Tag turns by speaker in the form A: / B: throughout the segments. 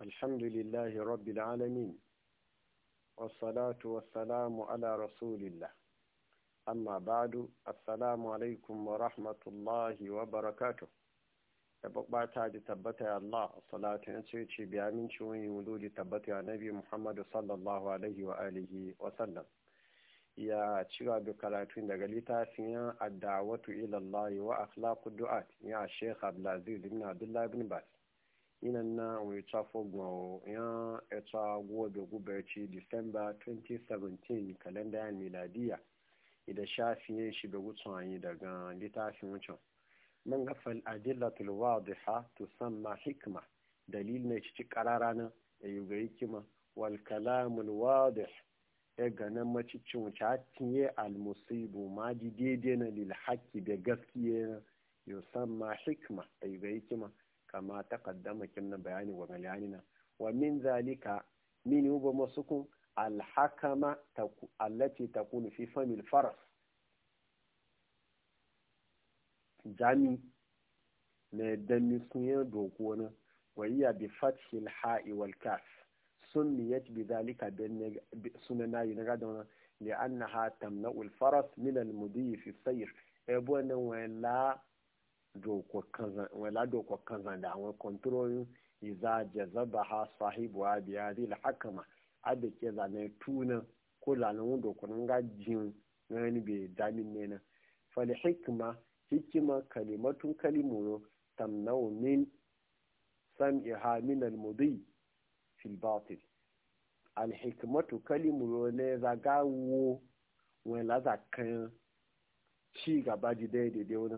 A: alhamdulillahi rabbil alamin wasalatu wasalamu ala rasulillah amma ba'du assalamu alaikum wa rahmatullahi wa barakatu. da babba ta ji ya Allah salatu an ce ce biya min ci wani wuludi tabbata ya nabi muhammadu sallallahu ya ci gaba karatu daga litafin ad-da'watu ila Allah wa akhlaqud du'at ya sheikh abdulaziz ibn abdullah ibn bas ina na wita fogbawo ya ita gobe gubarci disamba 2017 ya miladiya ida shafiye shi da wucin daga littafin wucin man ha adillatul san ma hikima dalil ne ci karara nan e ya yi ga hikima wal kalamun wadih ya e gana macicin wuce hatinye almusibu ma ji daidai na lil haki da gaskiya na yusamma hikima ya e yi ga hikima kama taqaddama kimna bayani wa galyanina wa min zalika min yuba masukun alhakama allati takunu fi famil faras jami na dami kunyar doko na wayya bi fathil ha'i wal kaf sunniyat bi zalika yi na gadon li annaha tamna'u al faras min al mudi fi sayr ebo nan wala wala doko kanzan da awon kontrolin iza jazaba ha sahibu ha biya zai hakama da ke zane tunan ko lanin wanda gajin wani bai damin nena fali hikima hikima kalimatun kalimuro tamnau min sam'iha min almudi fil batil alhikimatu kalimuro ne zagawo wani kan ci gaba ji daidai wani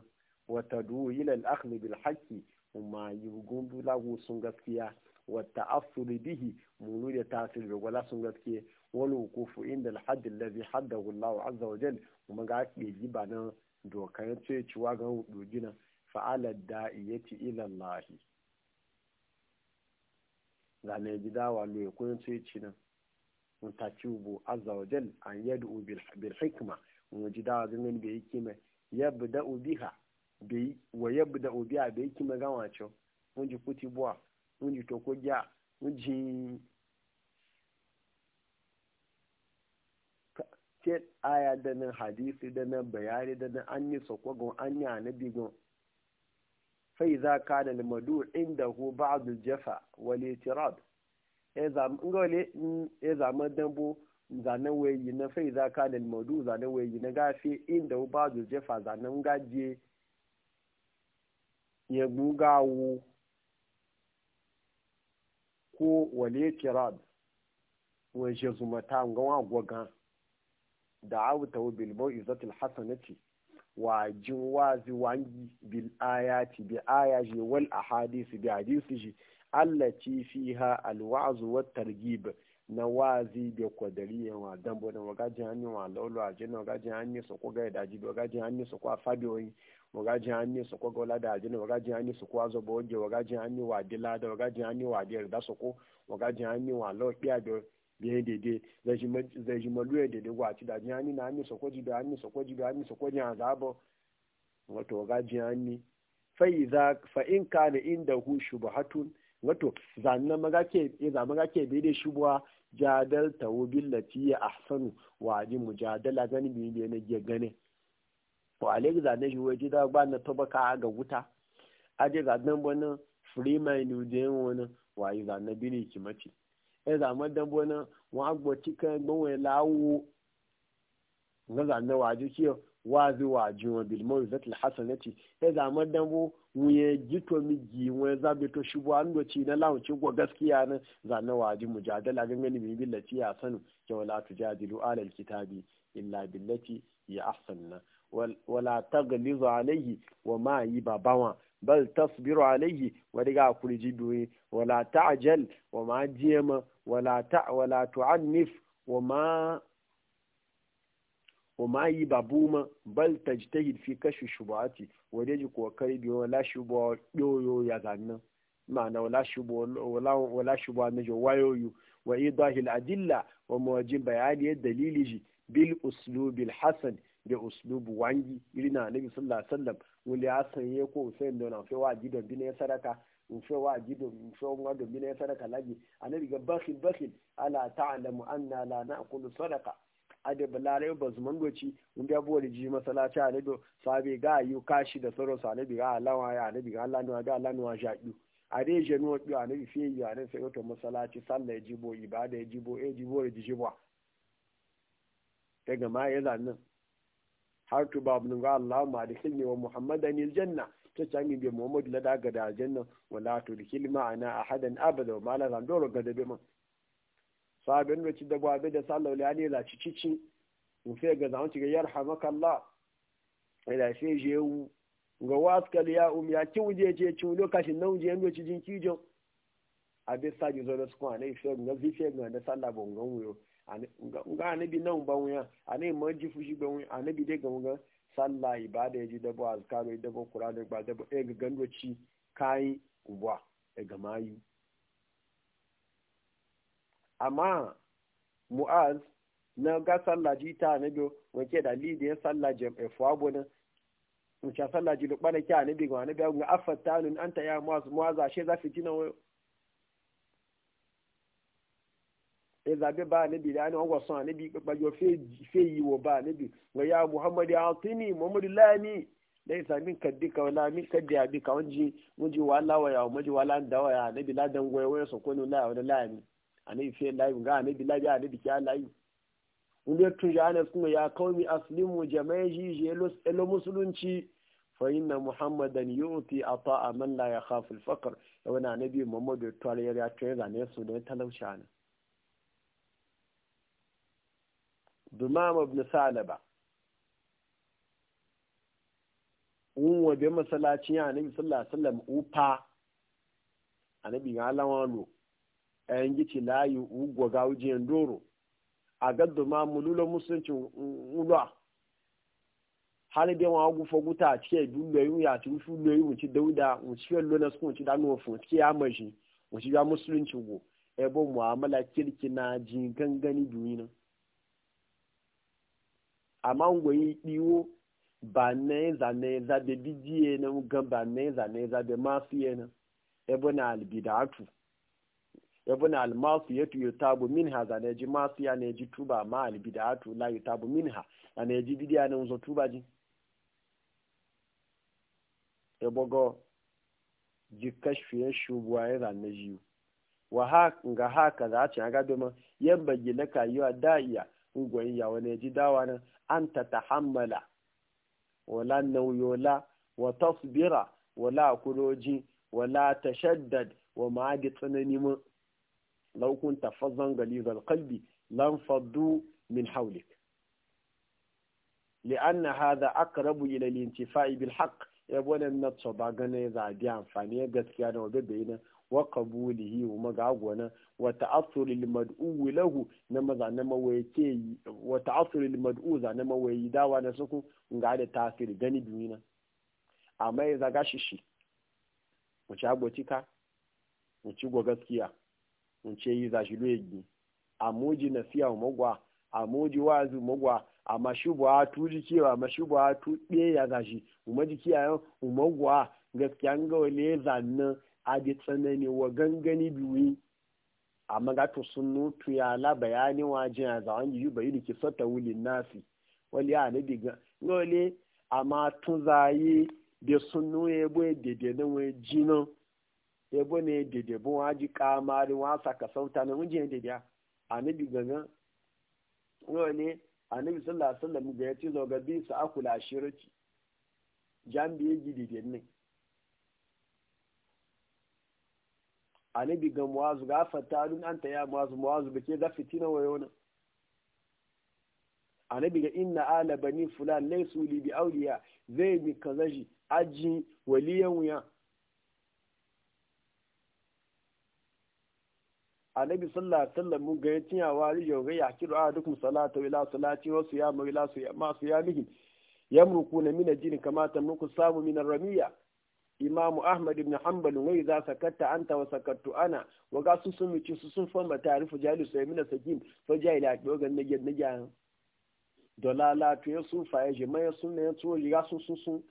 A: wata duwila akhli bil haqqi ma yugun bulagu sun gaskiya wata ta'assul bihi mulu da tasiri da gwala sun gaskiya wani hukufu inda hadd lazi har da azza wa jalla kuma ga ke ji ba nan dokar ce ciwa ga hudu gina fa'alar Allah ilallahi zane gida wa lo ya kun ce ci nan mun ta ci bu azza wa jalla an yadda bil hikma mun ji dawa ganin da yake mai yabda biha bai wa yabu da obi a bai kima gawa ce mun kuti buwa mun toko gya mun ji ke aya da nan hadisi da nan bayani da nan an yi sokwagon an yi anabi gon fai za ka da limadu inda hu ba'adu jafa wale tirad ya e e zama dambo zanen wayi na fai za ka da limadu zanen wayi na gafe inda hu ba'adu jafa zanen gaje ya gugawo ko wale kirab waje zumata ga gwaga da auta wa bilbo izatul hasanati wa jin wazi wangi bil ayati bi ayaji wal ahadisi bi hadisi Allah ci fi ha alwa'z wa targhib na wazi da kwadari wa dan bodan waga jihanni wa lolo a jinna waga jihanni su ko ga da ji waga jihanni su ko fabi wani waga jihanni su ko gola da jinna waga jihanni su ko azo boje waga jihanni wa dila da waga jihanni wa dir da su ko waga jihanni wa lo biya do biye dede zai ji maluwa dede wa ci da jihanni na hanni su ko ji da hanni su ko ji da hanni su ko jihan zabo wato waga jihanni fa in kana indahu shubhatun wato zanen maga ke eh, za maga ke bai da buwa jadal wubin billati ya sanu wa ji mujadala gani bi ne na ge gane to alai zanen shi waje da ba na k'a ga wuta aje zannan bonan free mind je wona wa yi zanen bi ne kimati mafi eh, zanna dan bonan wa agbo tikan lawo gaza na waje kiyo wazi waje wa bil mawizat al ya e sai da madan bu muye gito mi wani zabe to shubu an do ci na lawo ci gaskiya na za na waju mujadala gangani bi billati ya sanu ya wala tujadilu ala al kitabi illa billati ya ahsanna wala taglizu alayhi wa ma yi babawa bal tasbiru alayhi wa diga kurji doye wala ta'jal wa ma jema wala ta wala tu'annif wa ma wa ma yi babu ma bal tajtahid fi kashfi shubuhati wa dai ji kokari bi wala shubuha ya zanna wala shubuha wala wala shubuha na wayoyu wa idahi al-adilla wa mawajin bayani dalili ji bil uslubi al da uslubu wangi irina nabi sallallahu alaihi wasallam wuli hasan ye ko usain da na fe wa gidan bi ne sadaka a wa gido nfe wa do bi ne sadaka lagi anabi ga bakhil ade balare ba su mangoci mun ya buwa da ji masalaci a nabi sabe ga yi kashi da sauran sa nabi ga alawa ya nabi ga alanuwa ga alanuwa shaɗu a dai jenu wa biyu a nabi fiye yi a nabi sai wato masalaci salla ya jibo ibada ya jibo ya jibo da jibo daga ma ya zanna har tu babu ga Allah ma da khilni wa Muhammadan janna ta cangi bi Muhammadu la daga da aljanna wala tu dikil ma'ana ahadan abada wa ma la zan doro ga da bi man sabin da ci da gwabe da sallau la ne la ci cici in fe ga zaman ci ga yarhamaka Allah ila je wu ga waskal ya um ya ci wuje je ci lokacin nan wuje yanzu ci jin kijo a bi sa ji zo su kuma ne ga zi fe ga da sallah bon ga wuyo ga ne bi nan ban wuya ne ma ji fushi ban wuya bi dai ga wuga sallah ibada ya ji da ba azkaru da ba qur'ani ba da e ga gandoci kai ubwa ga mayu amma mu'az na ga sallah jita ta na biyo wanke da lidi ya sallah jam'a eh, fuwa bonin wuce sallah ji lukpa na kya na biyu wani biya ga afata nun an ta ya mu'az mu'az ashe za fi tina wayo e zabe ba na da ana wangwa son na biyu kpagbo fe yi wo ba na biyu wa ya muhammadu altini muhammadu lami laisa min kaddi ka wala min kaddi abi ka wanji muji wala waya muji wala dawaya na biyu ladan goyo wayo sokoni la wala lami. anabi fiye layu ga anabi labi anabi kya layu inda tuja ana kuma ya kawmi aslimu jama'i jelo elo musulunci fa inna muhammadan yuti ata'a man la yakhafu al-faqr wani anabi muhammad to ya ya tuya zane su da talauci ana dumam ibn salaba un wabe masallacin anabi sallallahu alaihi wasallam upa anabi ga lawan lo ayan gici layi ugwa ujiyan doro a gaddo ma mululo musulunci ulwa har dai wa gu fo guta a cike dullo yu ya ti fu lo yu dauda mu ci lo na sun ci da no ya maji mu ci musulunci go e muamala kirki na jin gangani duniya amma ngoyi diwo ba neza neza da bidiye na gan ba neza neza be mafiye na ebo na albidatu ibn almasu ya tuyo tabu minha za na ji masu ya na ji tuba ma atu la yi tabu minha a na ji bidiya na unzo tuba ji ya bogo ji kashfiye shubuwa ya za na jiyu wa haka za a ci a ma yan bagi na da da'iya ungwayin ya wani ji dawa na an ta tahammala wala nauyola wa tasbira wala kuloji wala tashaddad wa ma'adi tsanani law kunta fazzan ghalizal qalbi lan faddu min hawlik li'anna hadha aqrabu ila al-intifa'i bil haqq ya wannan na tsoba gane za a biya gaskiya da wabe bayyana wa qabulihi wa magagwana wa ta'assur lil mad'u lahu na maza na mawaye ke wa ta'assur lil mad'u za na mawaye dawa na suku ga da tasiri gani duniya amma ya zaga shishi mu ci agotika mu ci go gaskiya nce yi za shi lwegi amuji na fiya magwa amuji wazu magwa a mashubu a tuji kewa mashubu a tu za shi umaji kiyayen umagwa gaskiya ga wale zannan a bi tsanani wa gangani biyu amma ga to sun ya la bayani waje za zawon yi bayi da kisa ta wuli nasi wali ya ne diga wale amma tun zaye da sun nuye bai dede na wai jinan ebo ne dede bon waji kamari wa saka sauta na wuje dede annabi gangan wani ne a sallallahu sallah sallam ga yace zo ga bi akula shirki jambi ji dede ne annabi ga muwazu ga an ta ya muwazu muwazu bake ga fitina wayo a annabi ga inna ala bani fulan laysu li bi auliya zai bi kazaji aji waliyan wuya annabi sallallahu alaihi wasallam mun ga tinya wari yau ga ya kiru a duk salatu ila salati wa siyamu ila siyama siyamihi yamrukuna min ajin kama tamruku samu min ramiya imamu ahmad ibn hanbal wai za sakatta anta wa sakattu ana wa ga su sun mici su sun fama tarifu jali sai min sakin fa jaila dogan ga nage nage dolala to ya sun fa ya je mai sun ne to ya sun sun sun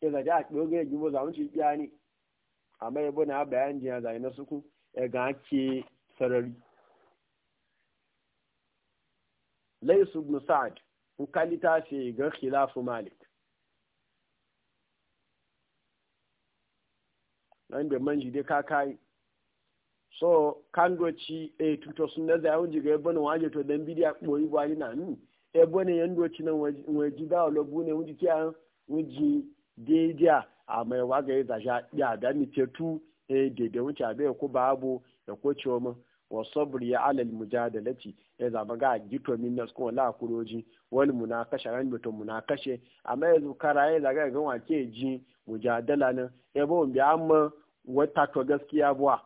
A: ya ga da ki ga ji bo zamu ci yani amma yabo na bayan jiya zai na suku Ega ga ake sarari laisu ibn sa'ad in kalita ce ga khilafu malik nan da manji dai kakai so kandoci e tuto sun da zai wuji ga yabon waje to dan bidiya boyi bani na nu e bone yandoci nan waji da olobu ne wuji kiya wuji daidiya a mai waga ya zasha ya da mi tetu eh daidai wuce abin ya ku babu ya ko ciwo min wa sabri ya alal mujadalati ya zaba ga gito min nas ko la kuroji wal munakasha ran mutum munakashe amma yanzu ya zaga ga wace ji mujadala nan ya bo bi amma wata to gaskiya buwa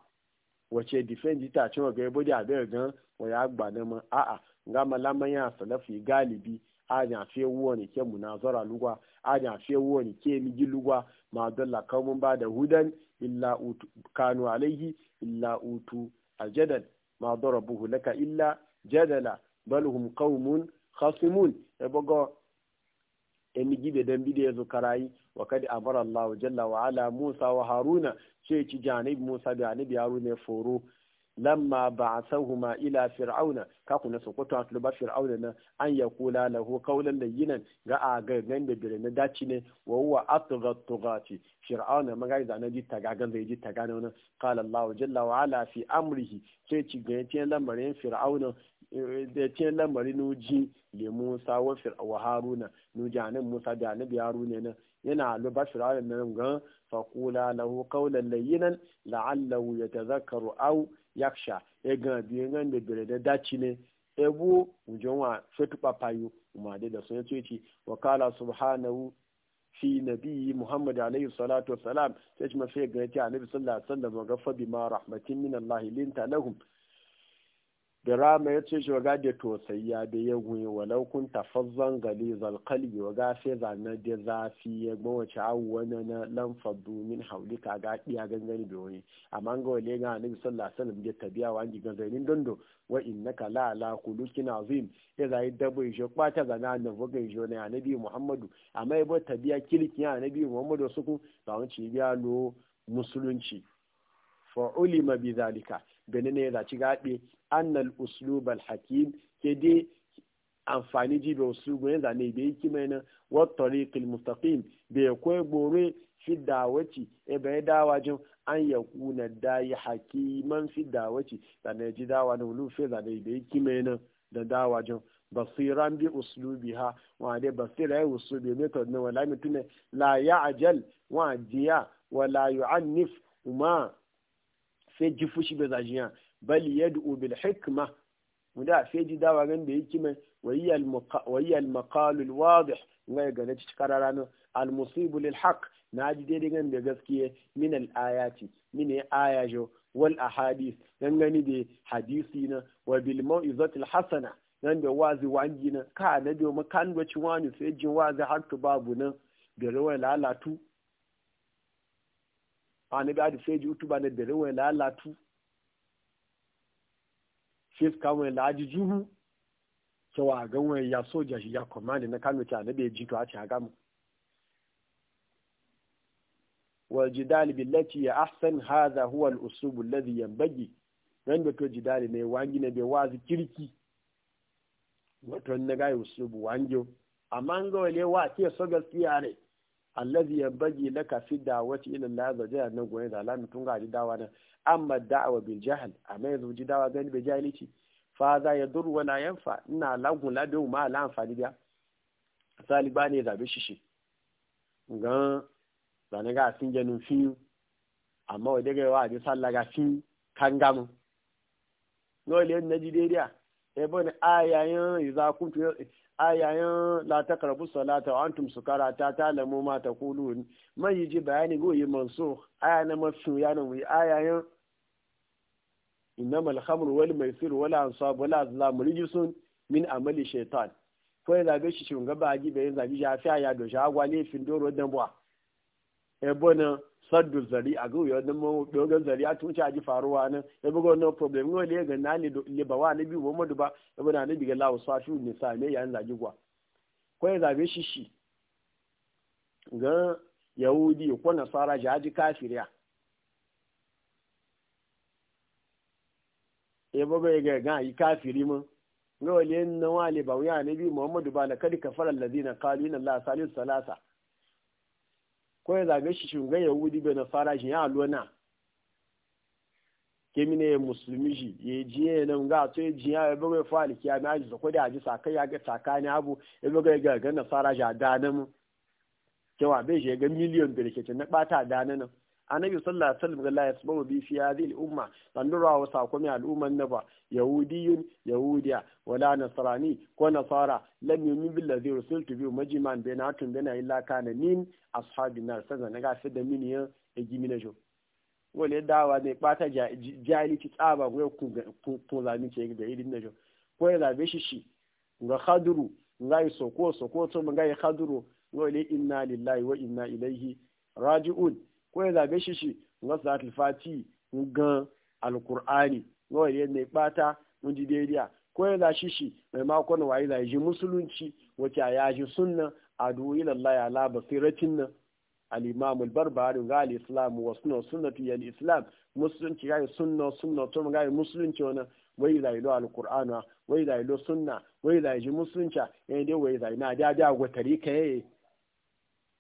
A: wace defend ita ce ga yabo da abe gan wa ya gba na ma a'a ga malaman ya salafi galibi a nya fe wo ne ke munazara lugwa a nya fe wo ne ke migi lugwa ma dalla kamun ba da hudan illa utu kanu alaihi illa utu ajadan ma darabuhu laka illa jadala bal hum qaumun khasimun e bogo emi gibe dan bidiyo zo karayi wa kad amara Allah jalla wa ala Musa wa Haruna ce ci janib Musa da anabi Haruna e foro lamma ba'athahuma ila fir'auna ka kuna sokoto atlu ba fir'auna na an kula lahu qawlan layyinan ga a ga da bire na daci ne wa huwa atgha tugati fir'auna maga da na ji tagagan zai ji tagana na qala allah jalla wa ala fi amrihi sai ci ga yace lamarin fir'auna da eh, ce lamarin nuji le musa wa fir'auna haruna nuji musa na yana fir'auna ga yaksha egan bi ngan da bere de dachine ne ebu ujonwa fetu papayu umade da sun yace ci wa kala subhanahu fi nabi muhammad alayhi salatu wassalam sai ma sai ga ta annabi sallallahu alaihi wasallam ga fa ma rahmatin min allah linta lahum da rama ya ce shi waga da tosayya da ya gunye walau kun tafazzan gali zalkali waga sai zanen da zafi ya gbawace awu wani na lamfar domin haulika ga ɗiya gangani da wani amma ga wale ga anabi sallallahu alaihi wasallam da tabiya wa anji gazainin dondo wa ka la ala kulukin azim ya zai dabo ishe kwata a annabi ga ishe na anabi muhammadu amma ya bar tabiya kilikin anabi muhammadu suku ba wani biya lo musulunci fa'ulima bi zalika gani ne za ci gaɓe annal uslubal hakim ke dai amfani ji da uslubu ne zane bai yi kima na wattari kilmustaqim bai kwai gore fi dawaci e bai dawa jin an ya kuna dayi hakiman fi dawaci zane ji dawa na wulu zane da yake mai nan da dawa jin basiran bi uslubi ha wade basira ya uslubi method na wala mutune la ya ajal wa jiya wala yu'annif uma fe ji fushi be zajiya bal yad'u bil hikma muda fe ji dawa gan da yake mai wayal wayal maqal al wadih ngai ga ne cikarara no al musibu lil haqq na ji daidai gan da gaskiye min al ayati min aya jo wal ahadith dan gani da hadisi na wa bil mau'izatil hasana nan da wazi wangi na ka na makan wani sai jin wazi har babu nan da rawar lalatu Ani adi feji utuba ne dere wen la latu chief ka wen la aji juhu cewa ga wen ya soja shi ya command na kano ci anabi ji to a aga mu wal jidal billati ya ahsan hadha huwa al usub alladhi yanbaghi dan da to jidali ne wangi ne be wazi kirki wato ne ga usubu wanjo amma ga wale wa ke so gaskiya ne allazi yabghi laka fi da'wati ila Allah za ja nan goyen da alamin tun ga dawa nan amma da'wa bil jahl amma yanzu ji dawa gani bai jahilici fa za ya dur la yanfa ina lagun labe ma la amfani biya saliba ne zabe shishi ngan zane ga sun nun fi amma wa daga wa ji sallah ga fi kangamu no le na ji dai dia e bon ayayan iza kuntu ayayen la taqrabu salata wa antum sukara ta talamu ma taqulun man yiji bayani go yi mansukh aya na masu ya na wi ayayen innamal khamru wal maisir wal ansab wal azlam rijsun min amali shaitan ko ya zabe shi shugaba a gibe ya zabi ya fi aya do shagwa ne fin doro dan bwa ebo na saddu zari a gauya wani dogon zari a tuce ji faruwa nan ya buga wani problem yau ne ga na libawa na biyu muhammadu ba ya buga na biga lawa shi ne same yayin zagi gwa ko ya zabe shi shi ga yahudi ko nasara ji kafiriya ya buga ya ga ga yi kafiri mun ga wale na wale ba wuya na biyu muhammadu ba na kadi kafarar lazina kalu yin allah salisu salasa ko ya zage shi ya yahudi bai na fara shi ya lona ke mine ya musulmi shi ya ji ya nan ga to ya ji ya ya bai fa na ajiyar ko da ji sakai ya ga sakani abu ya bai ga ga na fara shi a danan mu cewa bai shi ga miliyon birkitin na bata danan nan annabi sallallahu alaihi wasallam ya sabo bi fi hadhihi al-umma tandura wa sakumi al-umman ba yahudiyun yahudiya wala nasrani ko nasara lam yu'min bil ladhi rusultu bi majman bainatun baina illa kana min ashabin nar sanan naga fi da min ya egimina jo wale dawa ne bata jali ki tsaba ko ko zami ce da irin najo ko ya zabe shi shi ga khaduru ngai soko soko to ngai khaduru inna lillahi wa inna ilaihi raji'un ko ya zabe shi shi nga salatul fati gan alqur'ani ngo ya ne bata mun ji daidai ko ya zashi shi mai makon waye zai ji musulunci wace ya ji sunna adu ila Allah ya la basiratin nan al-imam al-barbari ga al-islam wa sunna sunnati al-islam musulunci ga sunna sunna to ga musulunci wannan wai zai lo al-qur'ana wai zai lo sunna wai zai ji musulunci eh dai wai zai na da da go tarika ne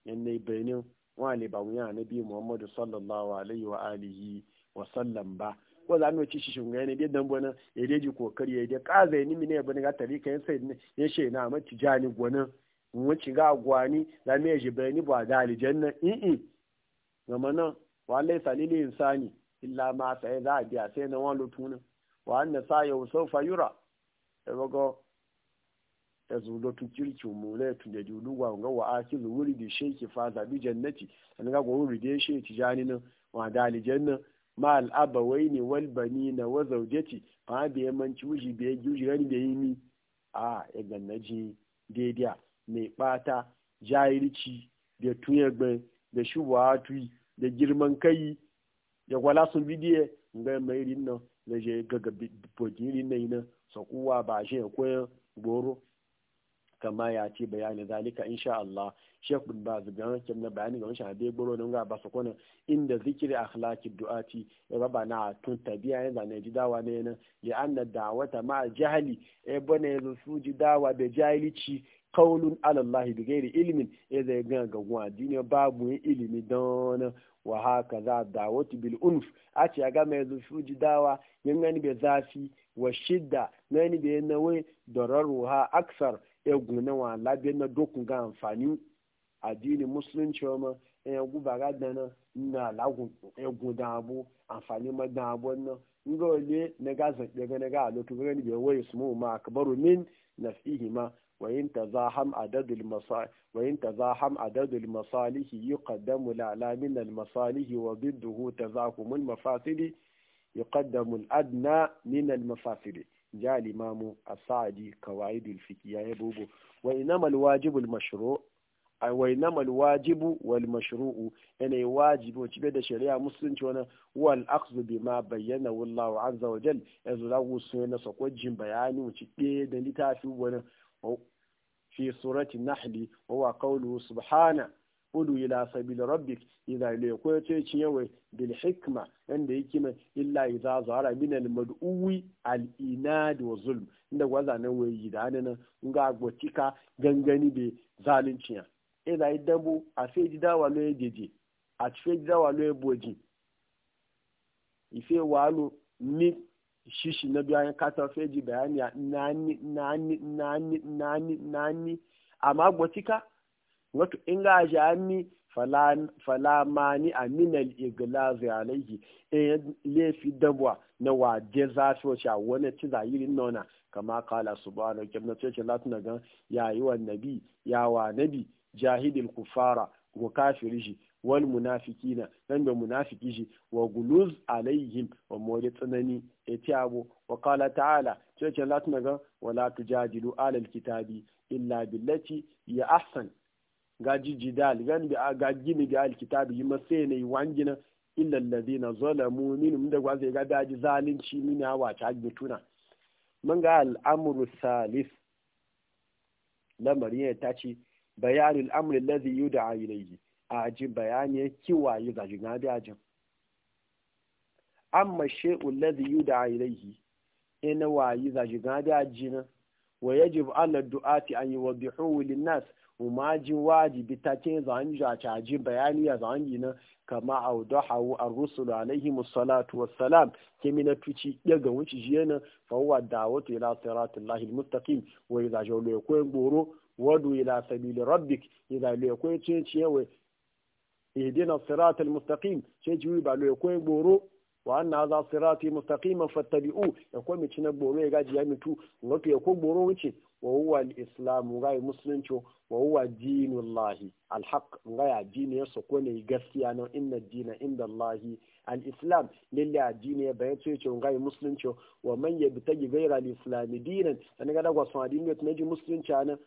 A: yanne bayanin wa ba wuya annabi muhammadu sallallahu alaihi wa alihi wa sallam ba ko za mu ci shi shunga ne dai dan bona ya deji kokari ya dai kaza ni mine ba ga tari kan sai ya she na ma tijani gona mu ci ga gwani da me ji bayani ba da aljanna na i gama nan wallahi salili insani illa ma sai za a biya sai na wani na wa anna sa yau yura fayura da ya zo lotu kirki mu la tu da dulu wa ga wa akil wuri bi sheki fa za bi jannati an ga go wuri da sheki tijani nan wa dali janna ma al abawaini wal banina wa zawjati fa bi man cuji bi juji ran bi yimi a ya gannaji daidai mai bata jahilci da tuyagbe da shubatu da girman kai da wala sun bidiye ga mai rinna da je gaga bojin rinna ina sakuwa ba shi ya koyan goro kama ya bayani bayanin zalika insha Allah Sheikh bin Baz ga na bayani ga wancan da goro nan ga ba su kona inda zikiri akhlaqi du'ati ya baba na tun tabiya ne zane ji dawa ne nan li anna da'wata ma jahili e bane yazo su ji dawa da jahilici kaulun alallahi bi gairi ilimin ya zai gina ga gwa dini babu ilimi don wa haka za dawatu bil unf a ce ga mai ji dawa yin gani bai zafi wa shidda gani bai nawai da aksar egwu na wa labe na duk ga amfani addini musulunci wa ma ɗaya guba ga dana na lagun egwu da abu amfani ma da abu na ga ole na gazan ɗaga na ga lokacin ga ni bai waye su mu ma ka baro min na fihi ma wayin ta za ham adadu masali wayin ta za ham adadu masalihi yuqaddamu la alamin al masalihi wa bidduhu tazakumul mafasili yuqaddamu al adna min al mafasili ja limamu asadi kawaidul fiqh ya yabo wa inamal wajibul mashru' wal mashru'u yana wajibi wacce bai da shari'a musulunci wani wal akzubi ma bayyana wallahu azza wa jal yanzu za ku so na sakojin bayani cike da littafi wani fi surati nahli wa subhana udu ila sabil rabbik idza ila ko ce cin yawa bil hikma inda yake mai illa idza zara min al mad'uwi al inad wa zulm inda gwaza nan wai gidana nan ga gwatika gangani be ya idza idabu a sai jidawa lo yejeje a cikin jidawa lo yeboji ife walu ni shishi na biyan kata ji bayani na ni na ni na ni na ni amma gwatika wato in ga shi ammi falamani minal iglazi alaihi in e, lefi dabwa na waje zafi wace a wani ci zahiri nona kama kala su ba na cece latin gan yayi wa nabi yawa nabi jahidil kufara ko kafiri shi wal na nan da munafiki shi wa guluz alaihim wa mori tsanani e abu wa kala ta'ala cece latin gan wala tujadilu alal kitabi illa billati ya ahsan Gaji jidal, gani bi ga gini bi alkitabi yi yana ne wangina illa alladhina zalamu minhum da ya gada ji zalunci mini hawa ta tuna. mun ga al'amuru salis lamarin ya tace bayanul al'amuru alladhi yi da a ji bayani yi ga na da ajin amma a yi da yi ina yi za na da ajin wa yajib ala du'ati an yi yuwaddihu lin nasu. umajin wajibi ta ce zanji a caji bayani a zanji na kama a audahawu ar-rusul alaihi musallatu wassalam ke na tuci ga daga wuci jiyana fa huwa da'watu ila siratillahi al-mustaqim wa idha jawlu yakun goro wadu ila sabili rabbik idha lu yakun ce ciyewe ihdina siratal mustaqim ce jiwi ba lu yakun goro wa anna za sirati mustaqiman fattabi'u ya ko mi cinan boro ya gaji ya mitu wato ya ko boro wuce wa huwa al-islam ga musulunci wa huwa dinullahi al-haq ga ya dini ya soko ne gaskiya nan inna dina inda allahi al-islam lillahi addini ya bayan ce ga musulunci wa man yabtagi ghayra al-islam dinan an ga da gwasan dinin ne ji musulunci nan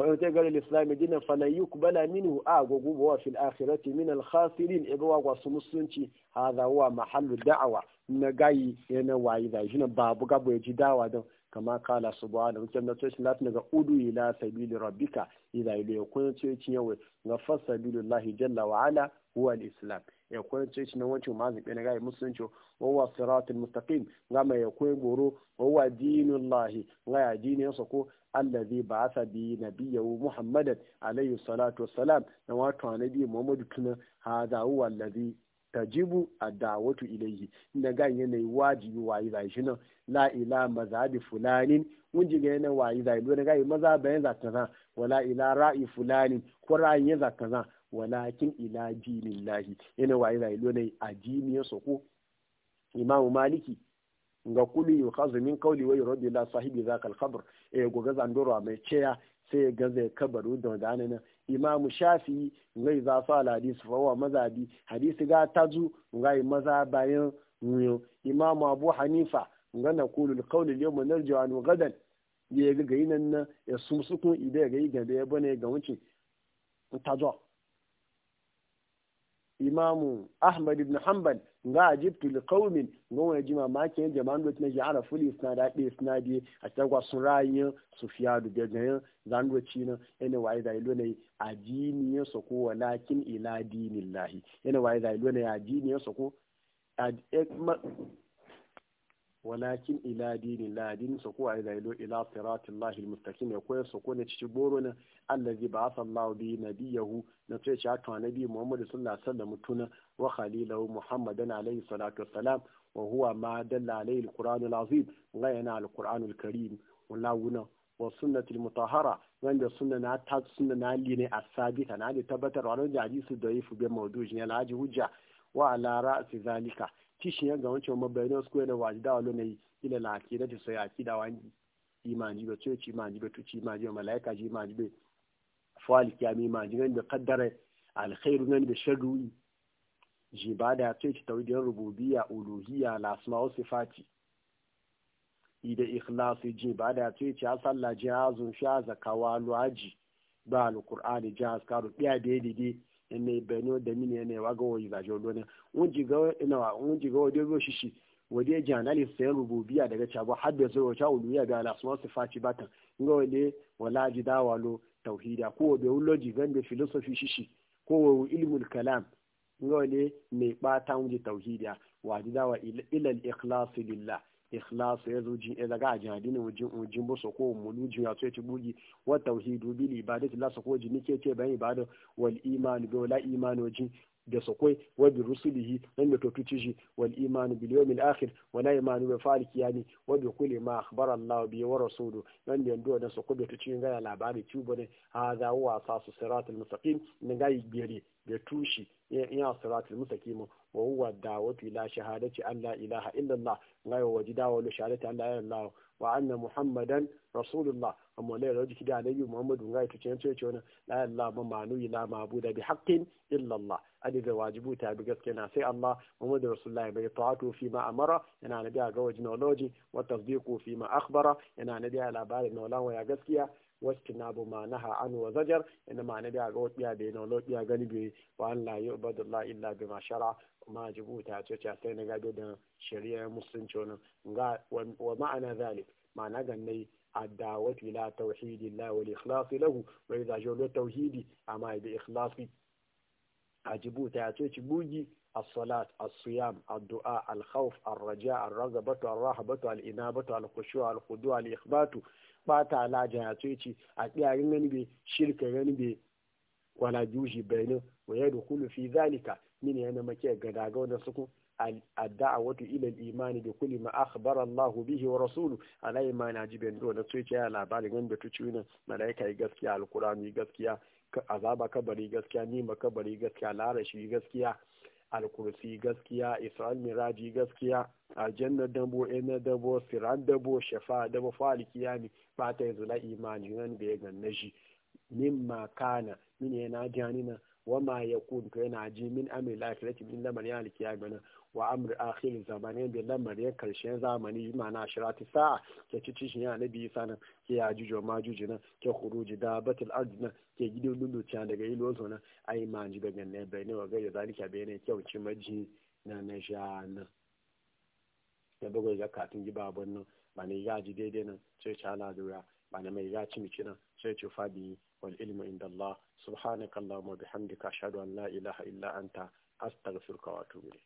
A: wani ta gari islami dina falan yi kubala minu a gugu wa fil akhirati min alkhasirin ibi wa wasu musulunci hadha wa mahallu da'awa na gayi yana wayi da shi babu gabo ya ji dawa don kama kala su da wa na tsoci lati daga udu ila sabili rabbika ila ila yakun tsoci yawa ga lahi jalla wa ala huwa al-islam ya koyi ce shi nan wancin ma zaɓe na gaya musulunci wa huwa siratul mustaqim ga mai ya koyi goro wa huwa dinullahi ga ya dini ya sako allazi ba'atha bi nabiyyu muhammadan alayhi salatu wassalam na wato annabi muhammadu tuna hada huwa allazi tajibu ad-da'watu ilayhi inda ga yanayi wajibi wayi zai shi nan la ila mazhabi fulanin mun ji ga yanayi wayi zai dole ga maza bayan zakaza wala ila ra'i fulanin ko ra'ayin zakaza walakin ila dinillahi yana wa ila ilo ne addini ya imamu maliki ga kullu yukhazu min qawli wa yurdu la sahibi zaka al-qabr e goga zandoro mai ceya sai ga zai kabaru da wadana na imamu shafi ngai za su ala hadisi fa wa mazabi hadisi ga tazu ngai maza bayan muyo imamu abu hanifa nga na kullu al-qawli al-yawma narju gadan ya ga gainan na ya sumsukun ibe ga yi gabe ya bane ga wuce tazo imamu ahmad ibn hanbal nga ajibtu li qaumin nga wani jima ma ke yin jama'an da tunaji ara fuli isnada da isnadi a tagwa sun rayin su fiya da gagayen zanduwaci na yana waye da ilo ne jiniyar ya sako walakin ila dinillahi yana waye da ilo ne addini ya sako e, walakin ila dini la dini su ko ai zailo ila siratin lahil mustaqim ya su ko na cici boro na allazi ba asa biyu bi nabiyahu na ce shi haka nabi Muhammad sallallahu alaihi wasallam tuna wa khalilahu Muhammadan alaihi salatu wassalam wa huwa ma dalla alaihi alquran alazim la yana alquran alkarim wallahuna wa sunnatul mutahhara wanda sunna na ta sunna na li ne asabita na da tabbatar wa da hadisi da yifu bi mawdu'i ne alhaji hujja wa ala ra'si zalika kishiyan ga wancan mabayin su da waji da wani yi ila na akida a sai da wani imani ba coci ci imani ba tuci ma ba malaika ji imani ba fali kiyami imani ne da kaddara alkhairu ne da sharru ji ba da ce ci tawhidin rububiyya uluhiyya la wasu fati yi da ikhlasu ji ba da ce ci asalla jihazun sha zakawa luaji ba alqur'ani jihaz karu biya daidai ene beno da mini ene waga wo yiga jo lona un jiga ina wa un jiga wo de go shishi wode janali sayan a daga cabo hadda zo wa chawu ya ga la suwa sifati batan ngo wode wala jidawa lo tauhida ko wode ulo jigan da philosophy shishi ko wo ilmul kalam ngo wode me bata unji tauhida wa jidawa ila al ikhlas lillah ikhlas ya zuji ya daga ajin wajin wajin buso ko mulujin ya tsoye bugi wa tauhidu bil ibadati la sako jini ke ce bayan ibada wal iman bi wala iman wajin da sako wa bi rusulihi nan da totuci shi wal iman bil yawmil akhir wa la imanu bi fa'al kiyami wa bi kulli ma akhbara Allah bi wa rasulu nan da ndo da sako da tuci ga labari cubo ne hadha huwa asasu siratal mustaqim nan ga biyari da tushi ya siratal mustaqim wa huwa da'watu ila shahadati an la ilaha illallah لا وجدا ولشارة شهادة الله وأن محمدا رسول الله أما لا يرجع كده عليه محمد وعلى تشين تشين لا الله ما معنو لا معبود بحق إلا الله أدي واجبه تابع كنا سي الله محمد رسول الله بطاعته فيما أمر أنا نبي جوج نولوجي وتصديقه فيما أخبر أنا نبي على بال نولا ويا جسكيا واجتناب ما نهى عنه وزجر إنما نبي أقول بيا بين ولو يا غني وأن لا يعبد الله إلا بما شرع ما جبوتها تشا سينغا بدن شريعة مسلم cewa ga wa ma'ana zalik ma'ana gannai a dawatu ila tauhidi la wal ikhlasi lahu wa idza jawla tauhidi amma bi ikhlasi ajibu ta ce ci bugi as-salat as-siyam ad-du'a al-khawf ar-raja' ar-ragabatu ar-rahabatu al-inabatu al-khushu' al-khudu' al-ikhbatu ba ta laja ya ce ci a tsayarin gani be shirka gani be wala juji bayin wa yadkhulu fi zalika min yana make ga daga wanda suku الدعوة إلى الإيمان بكل ما أخبر الله به ورسوله على إيمان أجيب أن دون تشيء على بالي من بتشوينا ملائكة gaskiya alkurani gaskiya azaba kabari gaskiya nima kabari gaskiya larashi gaskiya alkursi gaskiya isra'il miraji gaskiya aljanna dabo ina dabo sirad dabo shafa dabo faliki yani ba ta yanzu la imani nan da ya ganna shi mimma kana min yana janina wama yakun to yana ji min amil akhirati min lamar ya alkiyama wa amr akhir zamanin bi lamar ya karshen zamani ma'ana shirati sa'a ke cici shi ya nabi sanan ke ya jujo ma juji nan ke khuruji da batil ard nan ke gidan daga ilo so nan ai ma ji daga ne bai ne wa ga zalika bai ne kyau ci maji na na sha da bugu ga katin ji babun nan ba ne ya ji daidai nan sai ta ala dura ba ne mai ya ci mici nan sai ci fadi wal ilmu inda Allah subhanakallahumma bihamdika ashhadu an la ilaha illa anta astaghfiruka wa atubu ilayk